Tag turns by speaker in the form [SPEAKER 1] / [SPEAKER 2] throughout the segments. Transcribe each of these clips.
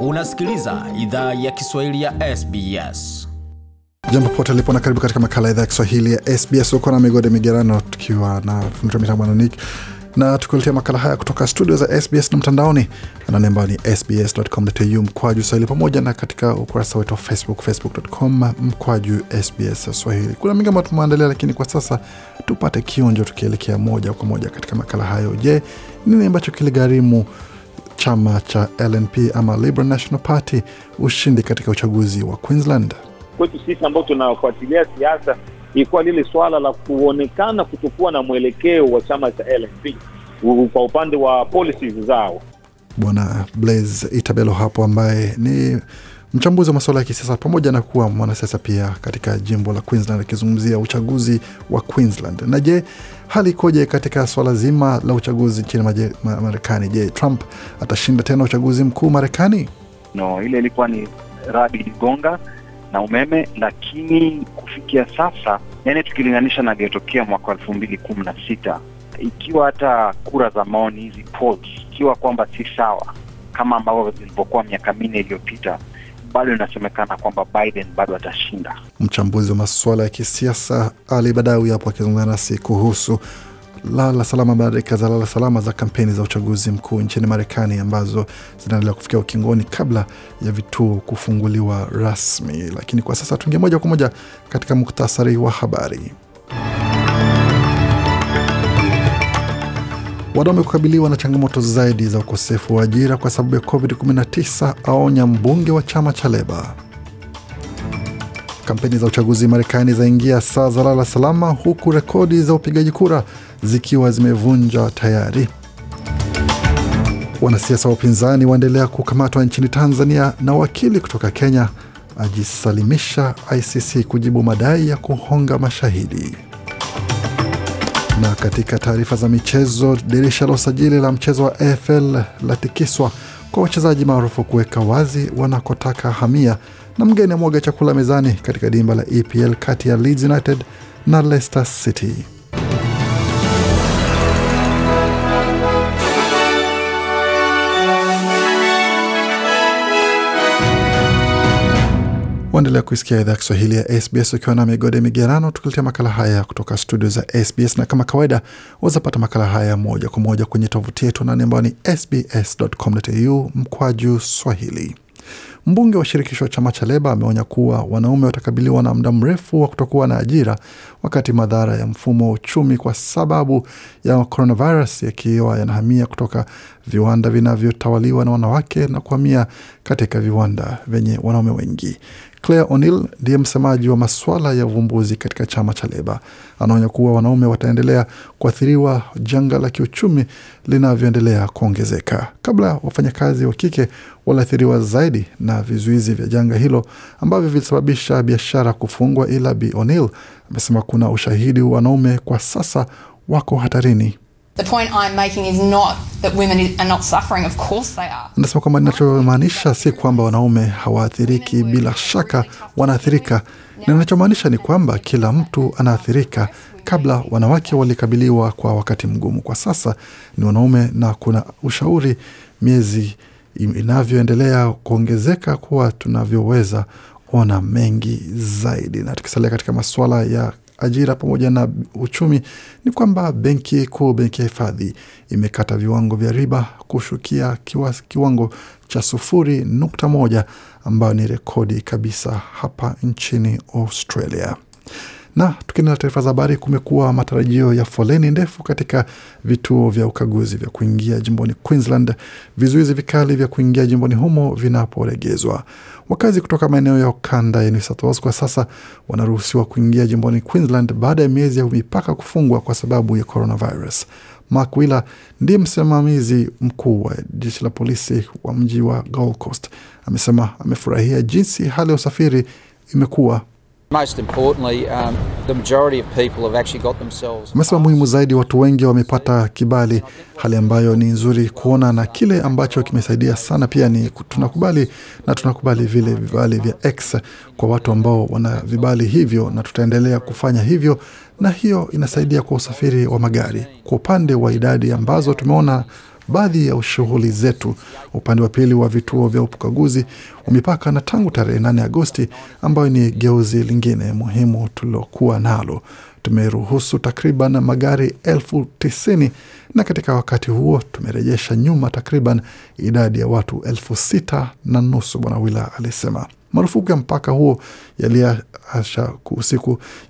[SPEAKER 1] Unasikiliza idhaa ya Kiswahili ya SBS. Jambo pote lipo na karibu katika makala idhaa ya Kiswahili ya SBS huko na migode migerano, tukiwa na fundi mitambo Nick na tukuletea makala haya kutoka studio za SBS na mtandaoni anani ambayo ni sbs.com.au mkwaju swahili, pamoja na katika ukurasa wetu wa Facebook, facebook.com mkwaju sbs swahili. Kuna mingi ambayo tumeandalia, lakini kwa sasa tupate kionjo, tukielekea moja kwa moja katika makala hayo. Je, nini ambacho kiligharimu chama cha LNP ama Liberal National Party ushindi katika uchaguzi wa Queensland. Kwetu sisi ambao tunafuatilia siasa, ilikuwa lile swala la kuonekana kutokuwa na mwelekeo wa chama cha LNP kwa upande wa policies zao. Bwana Blaise Itabelo hapo ambaye ni mchambuzi wa masuala ya kisiasa pamoja na kuwa mwanasiasa pia katika jimbo la Queensland akizungumzia uchaguzi wa Queensland. Na je, hali ikoje katika swala zima la uchaguzi nchini Marekani? Je, Trump atashinda tena uchaguzi mkuu Marekani? No, ile ilikuwa ni radi iligonga na umeme, lakini kufikia sasa, yani tukilinganisha na iliyotokea mwaka elfu mbili kumi na sita ikiwa hata kura za maoni hizi polls, ikiwa kwamba si sawa kama ambavyo zilivyokuwa miaka minne iliyopita bado inasemekana kwamba Biden bado atashinda. Mchambuzi wa masuala ya kisiasa Ali Badawi hapo akizungumza nasi kuhusu lala salama, dakika za lala salama za kampeni za uchaguzi mkuu nchini Marekani ambazo zinaendelea kufikia ukingoni kabla ya vituo kufunguliwa rasmi. Lakini kwa sasa tuingia moja kwa moja katika muktasari wa habari. Wadau wamekabiliwa na changamoto zaidi za ukosefu wa ajira kwa sababu ya COVID-19, aonya mbunge wa chama cha Leba. Kampeni za uchaguzi Marekani zaingia saa za lala salama, huku rekodi za upigaji kura zikiwa zimevunjwa tayari. Wanasiasa wa upinzani waendelea kukamatwa nchini Tanzania na wakili kutoka Kenya ajisalimisha ICC kujibu madai ya kuhonga mashahidi. Na katika taarifa za michezo, dirisha la usajili la mchezo wa AFL latikiswa kwa wachezaji maarufu kuweka wazi wanakotaka hamia, na mgeni amwaga chakula mezani katika dimba la EPL kati ya Leeds United na Leicester City. Waendelea kuisikia idhaa ya Kiswahili ya SBS ukiwa na migode migerano, tukiletea makala haya kutoka studio za SBS na kama kawaida, wazapata makala haya moja kwa moja kwenye tovuti yetu nani ambayo ni sbs.com.au mkwaju swahili. Mbunge wa shirikisho wa chama cha Leba ameonya kuwa wanaume watakabiliwa na muda mrefu wa kutokuwa na ajira wakati madhara ya mfumo wa uchumi kwa sababu ya coronavirus yakiwa yanahamia kutoka viwanda vinavyotawaliwa na wanawake na kuhamia katika viwanda vyenye wanaume wengi. Claire O'Neill ndiye msemaji wa maswala ya uvumbuzi katika chama cha Leba, anaonya kuwa wanaume wataendelea kuathiriwa janga la kiuchumi linavyoendelea kuongezeka, kabla wafanyakazi wa kike waliathiriwa zaidi na vizuizi vya janga hilo ambavyo vilisababisha biashara kufungwa, ila Bi O'Neill amesema kuna ushahidi wanaume kwa sasa wako hatarini. The point I'm making is not that women are not suffering. Of course they are. Anasema kwamba ninachomaanisha si kwamba wanaume hawaathiriki, bila shaka wanaathirika, na ninachomaanisha ni kwamba kila mtu anaathirika. Kabla wanawake walikabiliwa kwa wakati mgumu, kwa sasa ni wanaume, na kuna ushauri miezi inavyoendelea kuongezeka kuwa tunavyoweza ona mengi zaidi, na tukisalia katika masuala ya ajira pamoja na uchumi ni kwamba benki kuu, benki ya hifadhi imekata viwango vya riba kushukia kiwa, kiwango cha sufuri nukta moja ambayo ni rekodi kabisa hapa nchini Australia. Na tukienda na taarifa za habari, kumekuwa matarajio ya foleni ndefu katika vituo vya ukaguzi vya kuingia jimboni Queensland, vizuizi vikali vya kuingia jimboni humo vinaporegezwa Wakazi kutoka maeneo ya ukanda ya New South Wales kwa sasa wanaruhusiwa kuingia jimboni Queensland baada ya miezi ya mipaka kufungwa kwa sababu ya coronavirus. Mark Wheeler ndiye msimamizi mkuu wa jeshi la polisi wa mji wa Gold Coast, amesema amefurahia jinsi hali ya usafiri imekuwa Amesema um, muhimu zaidi, watu wengi wamepata kibali, hali ambayo ni nzuri kuona, na kile ambacho kimesaidia sana pia ni tunakubali na tunakubali vile vibali vya X kwa watu ambao wana vibali hivyo, na tutaendelea kufanya hivyo, na hiyo inasaidia kwa usafiri wa magari. Kwa upande wa idadi ambazo tumeona baadhi ya shughuli zetu upande wa pili wa vituo vya ukaguzi wa mipaka, na tangu tarehe 8 Agosti, ambayo ni geuzi lingine muhimu tulilokuwa nalo, tumeruhusu takriban magari elfu tisini na katika wakati huo tumerejesha nyuma takriban idadi ya watu elfu sita na nusu, Bwana Wila alisema. Marufuku ya mpaka huo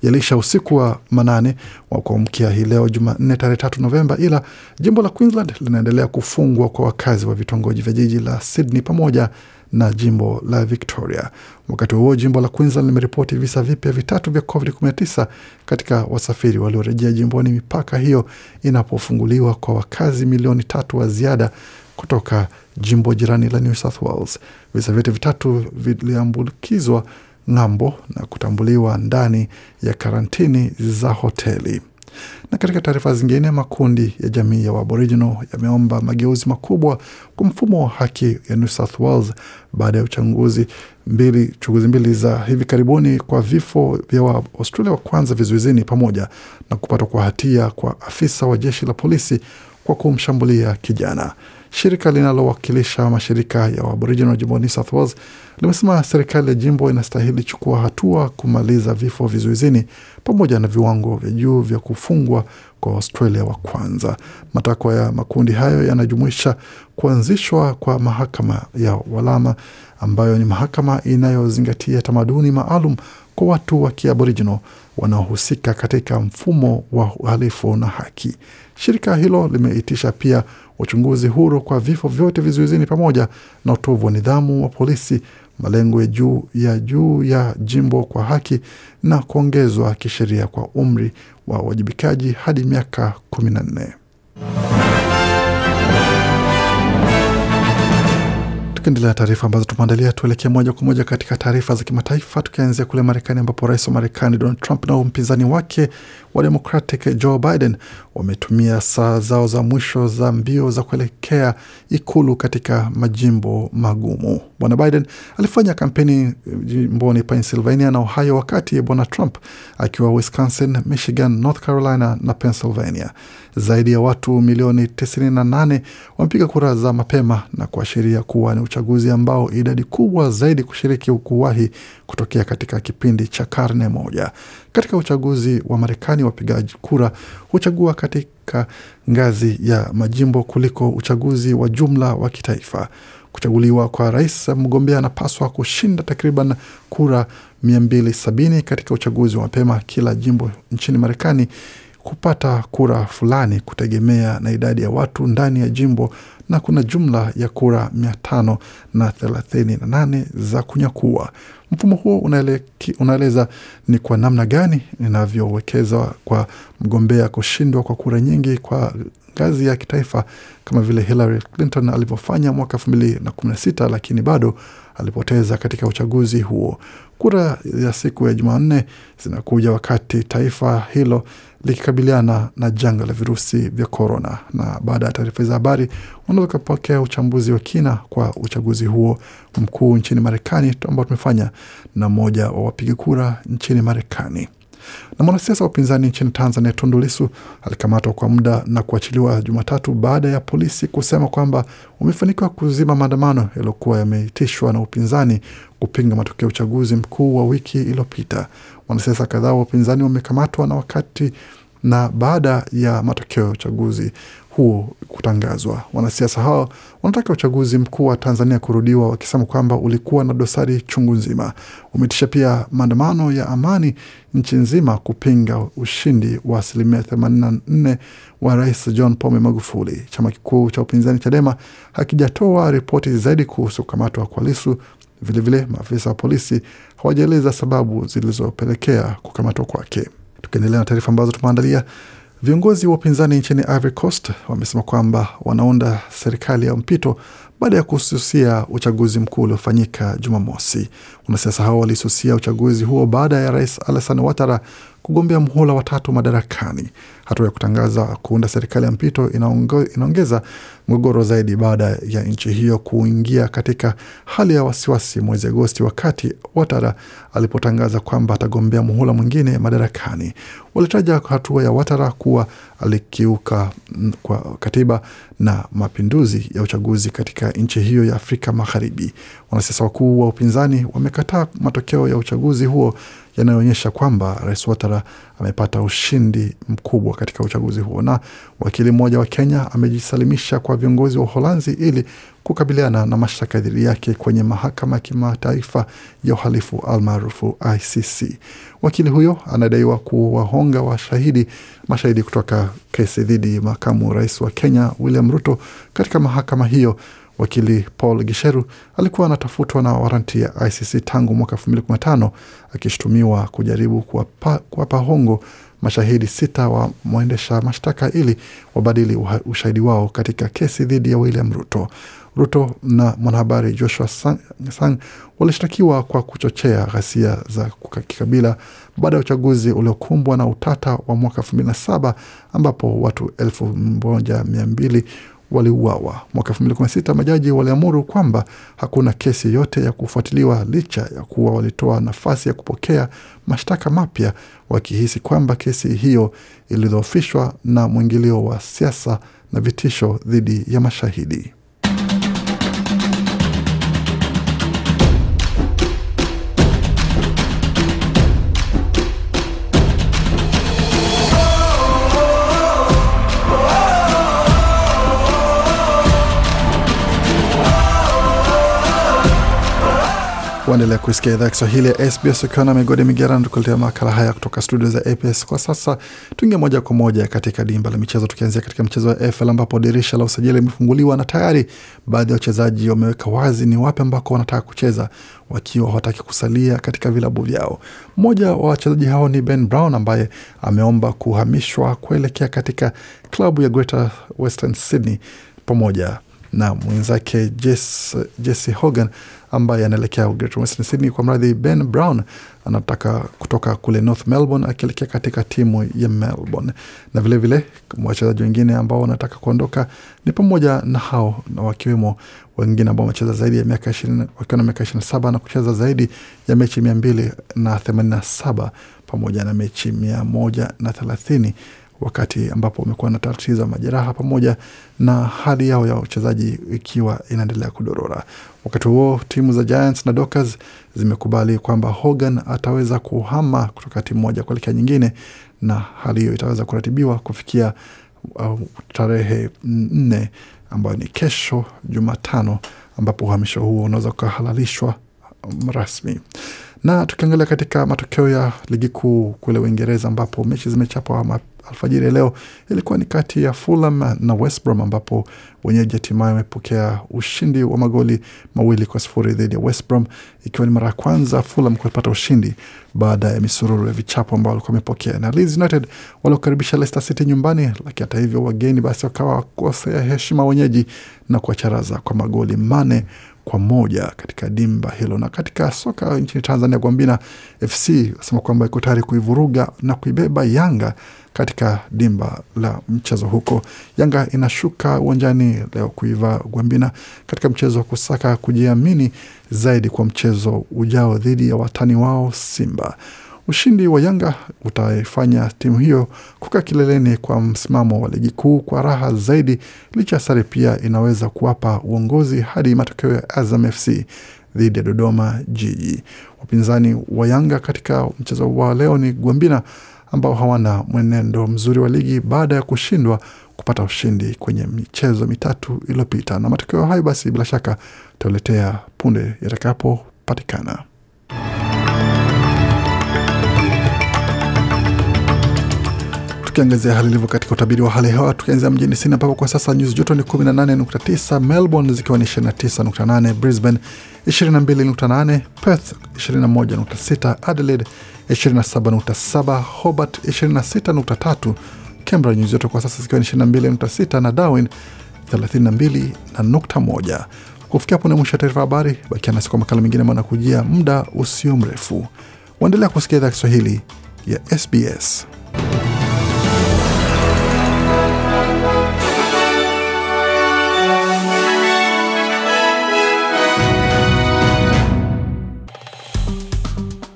[SPEAKER 1] yaliisha usiku, wa manane wa kuamkia hii leo Jumanne tarehe tatu Novemba, ila jimbo la Queensland linaendelea kufungwa kwa wakazi wa vitongoji vya jiji la Sydney pamoja na jimbo la Victoria. Wakati huo jimbo la Queensland limeripoti visa vipya vitatu vya COVID-19 katika wasafiri waliorejea jimboni, mipaka hiyo inapofunguliwa kwa wakazi milioni tatu wa ziada kutoka jimbo jirani la New South Wales. Visa vyote vitatu viliambukizwa ng'ambo na kutambuliwa ndani ya karantini za hoteli. Na katika taarifa zingine, makundi ya jamii ya Aboriginal yameomba mageuzi makubwa kwa mfumo wa haki ya New South Wales baada ya uchaguzi mbili, chunguzi mbili za hivi karibuni kwa vifo vya Waaustralia wa kwanza vizuizini pamoja na kupatwa kwa hatia kwa afisa wa jeshi la polisi kwa kumshambulia kijana. Shirika linalowakilisha mashirika ya Aboriginal New South Wales limesema serikali ya jimbo inastahili chukua hatua kumaliza vifo vizuizini pamoja na viwango vya juu vya kufungwa kwa Australia wa kwanza. Matakwa ya makundi hayo yanajumuisha kuanzishwa kwa mahakama ya walama ambayo ni mahakama inayozingatia tamaduni maalum kwa watu wa kiaboriginal wanaohusika katika mfumo wa uhalifu na haki. Shirika hilo limeitisha pia uchunguzi huru kwa vifo vyote vizuizini, pamoja na utovu wa nidhamu wa polisi, malengo ya juu ya juu ya jimbo kwa haki na kuongezwa kisheria kwa umri wa uwajibikaji hadi miaka kumi na nne. Tukiendelea taarifa ambazo tumeandalia, tuelekee moja kwa moja katika taarifa za kimataifa, tukianzia kule Marekani ambapo rais wa Marekani Donald Trump na mpinzani wake wa Democratic Joe Biden wametumia saa zao za mwisho za mbio za kuelekea ikulu katika majimbo magumu. Bwana Biden alifanya kampeni eh, jimboni Pennsylvania na Ohio, wakati Bwana Trump akiwa Wisconsin, Michigan, North Carolina na Pennsylvania. Zaidi ya watu milioni 98 wamepiga kura za mapema na kuashiria kuwa ni uchaguzi ambao idadi kubwa zaidi kushiriki kuwahi kutokea katika kipindi cha karne moja. Katika uchaguzi wa Marekani wapigaji kura huchagua katika ngazi ya majimbo kuliko uchaguzi wa jumla wa kitaifa. Kuchaguliwa kwa rais, mgombea anapaswa kushinda takriban kura 270 katika uchaguzi wa mapema kila jimbo nchini Marekani kupata kura fulani kutegemea na idadi ya watu ndani ya jimbo, na kuna jumla ya kura mia tano na thelathini na nane za kunyakua. Mfumo huo unaeleza ni kwa namna gani inavyowekeza kwa mgombea kushindwa kwa kura nyingi kwa ngazi ya kitaifa kama vile Hillary Clinton alivyofanya mwaka elfu mbili na kumi na sita, lakini bado alipoteza katika uchaguzi huo. Kura ya siku ya Jumanne zinakuja wakati taifa hilo likikabiliana na janga la virusi vya korona. Na baada ya taarifa za habari, unaweza ukapokea uchambuzi wa kina kwa uchaguzi huo mkuu nchini Marekani ambao tumefanya na mmoja wa wapiga kura nchini Marekani. Na mwanasiasa wa upinzani nchini Tanzania, Tundu Lissu alikamatwa kwa muda na kuachiliwa Jumatatu baada ya polisi kusema kwamba wamefanikiwa kuzima maandamano yaliyokuwa yameitishwa na upinzani kupinga matokeo ya uchaguzi mkuu wa wiki iliyopita. Wanasiasa kadhaa wa upinzani wamekamatwa na wakati na baada ya matokeo ya uchaguzi huo kutangazwa, wanasiasa hao wanataka uchaguzi mkuu wa Tanzania kurudiwa, wakisema kwamba ulikuwa na dosari chungu nzima. Umeitisha pia maandamano ya amani nchi nzima kupinga ushindi wa asilimia 84 wa Rais John Pombe Magufuli. Chama kikuu cha upinzani Chadema hakijatoa ripoti zaidi kuhusu kukamatwa kwa Lisu. Vilevile, maafisa wa polisi hawajaeleza sababu zilizopelekea kukamatwa kwake. Tukiendelea na taarifa ambazo tumeandalia, viongozi wa upinzani nchini Ivory Coast wamesema kwamba wanaunda serikali ya mpito baada ya kususia uchaguzi mkuu uliofanyika Jumamosi. Wanasiasa hao walisusia uchaguzi huo baada ya rais Alassane Ouattara kugombea mhula watatu madarakani. Hatua ya kutangaza kuunda serikali ya mpito inaongeza mgogoro zaidi baada ya nchi hiyo kuingia katika hali ya wasiwasi mwezi Agosti, wakati Watara alipotangaza kwamba atagombea mhula mwingine madarakani. Walitaja hatua ya Watara kuwa alikiuka kwa katiba na mapinduzi ya uchaguzi katika nchi hiyo ya Afrika Magharibi. Wanasiasa wakuu wa upinzani wamekataa matokeo ya uchaguzi huo yanayoonyesha kwamba Rais Watara amepata ushindi mkubwa katika uchaguzi huo. Na wakili mmoja wa Kenya amejisalimisha kwa viongozi wa Uholanzi ili kukabiliana na mashtaka dhidi yake kwenye mahakama ya kimataifa ya uhalifu almaarufu ICC. Wakili huyo anadaiwa kuwahonga washahidi mashahidi kutoka kesi dhidi makamu rais wa Kenya William Ruto katika mahakama hiyo Wakili Paul Gisheru alikuwa anatafutwa na waranti ya ICC tangu mwaka 2015 akishutumiwa kujaribu kuwapa, kuwapa hongo mashahidi sita wa mwendesha mashtaka ili wabadili ushahidi wao katika kesi dhidi ya William Ruto. Ruto na mwanahabari Joshua Sang, Sang walishtakiwa kwa kuchochea ghasia za kikabila baada ya uchaguzi uliokumbwa na utata wa mwaka 2007 ambapo watu mbili waliuawa. Mwaka sita majaji waliamuru kwamba hakuna kesi yoyote ya kufuatiliwa licha ya kuwa walitoa nafasi ya kupokea mashtaka mapya wakihisi kwamba kesi hiyo ilidhoofishwa na mwingilio wa siasa na vitisho dhidi ya mashahidi. Waendelea kuisikia idhaa Kiswahili ya SBS ukiwa na migodi migerano, tukuletea makala haya kutoka studio za APS. Kwa sasa tuingie moja kwa moja katika dimba la michezo, tukianzia katika mchezo wa AFL ambapo dirisha la usajili limefunguliwa na tayari baadhi ya wachezaji wameweka wazi ni wapi ambako wanataka kucheza wakiwa hawataki kusalia katika vilabu vyao. Mmoja wa wachezaji hao ni Ben Brown ambaye ameomba kuhamishwa kuelekea katika klabu ya Greater Western Sydney pamoja na mwenzake Jess, Jesse Hogan ambaye anaelekea Western Sydney kwa mradhi. Ben Brown anataka kutoka kule North Melbourne akielekea katika timu ya Melbourne, na vilevile wachezaji wengine ambao wanataka kuondoka ni pamoja na hao na wakiwemo wengine ambao wamecheza zaidi ya miaka wakiwa na miaka saba na kucheza zaidi ya mechi mia mbili na themanini na saba pamoja na mechi mia moja na thelathini wakati ambapo wamekuwa na tatizo majeraha pamoja na hali yao ya uchezaji ikiwa inaendelea kudorora. Wakati huo timu za Giants na Dockers zimekubali kwamba Hogan ataweza kuhama kutoka timu moja kuelekea nyingine, na hali hiyo itaweza kuratibiwa kufikia uh, tarehe nne ambayo ni kesho Jumatano, ambapo uhamisho huo unaweza ukahalalishwa um, rasmi na tukiangalia katika matokeo ya ligi kuu kule Uingereza ambapo mechi zimechapwa alfajiri ya leo ilikuwa ni kati ya Fulham na West Brom ambapo wenyeji hatimaye wamepokea ushindi wa magoli mawili kwa sifuri dhidi ya West Brom, ikiwa ni mara ya kwanza Fulham kupata ushindi baada ya misururu ya vichapo ambao walikuwa wamepokea. Na Leeds United waliokaribisha Leicester City nyumbani, lakini hata hivyo wageni basi wakawa wakosea heshima wenyeji na kuwacharaza kwa magoli mane kwa moja katika dimba hilo. Na katika soka nchini Tanzania, Gwambina FC asema kwamba iko tayari kuivuruga na kuibeba Yanga katika dimba la mchezo huko. Yanga inashuka uwanjani leo kuiva Gwambina katika mchezo wa kusaka kujiamini zaidi kwa mchezo ujao dhidi ya watani wao Simba. Ushindi wa Yanga utaifanya timu hiyo kukaa kileleni kwa msimamo wa ligi kuu kwa raha zaidi, licha ya sare pia inaweza kuwapa uongozi hadi matokeo ya Azam FC dhidi ya Dodoma Jiji. Wapinzani wa Yanga katika mchezo wa leo ni Gwambina ambao hawana mwenendo mzuri wa ligi baada ya kushindwa kupata ushindi kwenye michezo mitatu iliyopita. Na matokeo hayo basi, bila shaka tutaletea punde yatakapopatikana. Tukiangazia hali ilivyo katika utabiri wa hali ya hewa, tukianzia mjini Sydney ambapo kwa sasa nyuzi joto ni 18.9, Melbourne zikiwa ni 29.8, Brisbane 22.8, Perth 21.6, Adelaide 27.7, Hobart 26.3, Canberra nyuzi joto kwa sasa zikiwa ni 22.6 na Darwin 32.1. Kufikia hapo ni mwisho wa taarifa habari. Bakia nasi kwa makala mengine kujia muda usio mrefu. Waendelea kusikia idhaa Kiswahili ya SBS.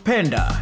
[SPEAKER 1] Penda,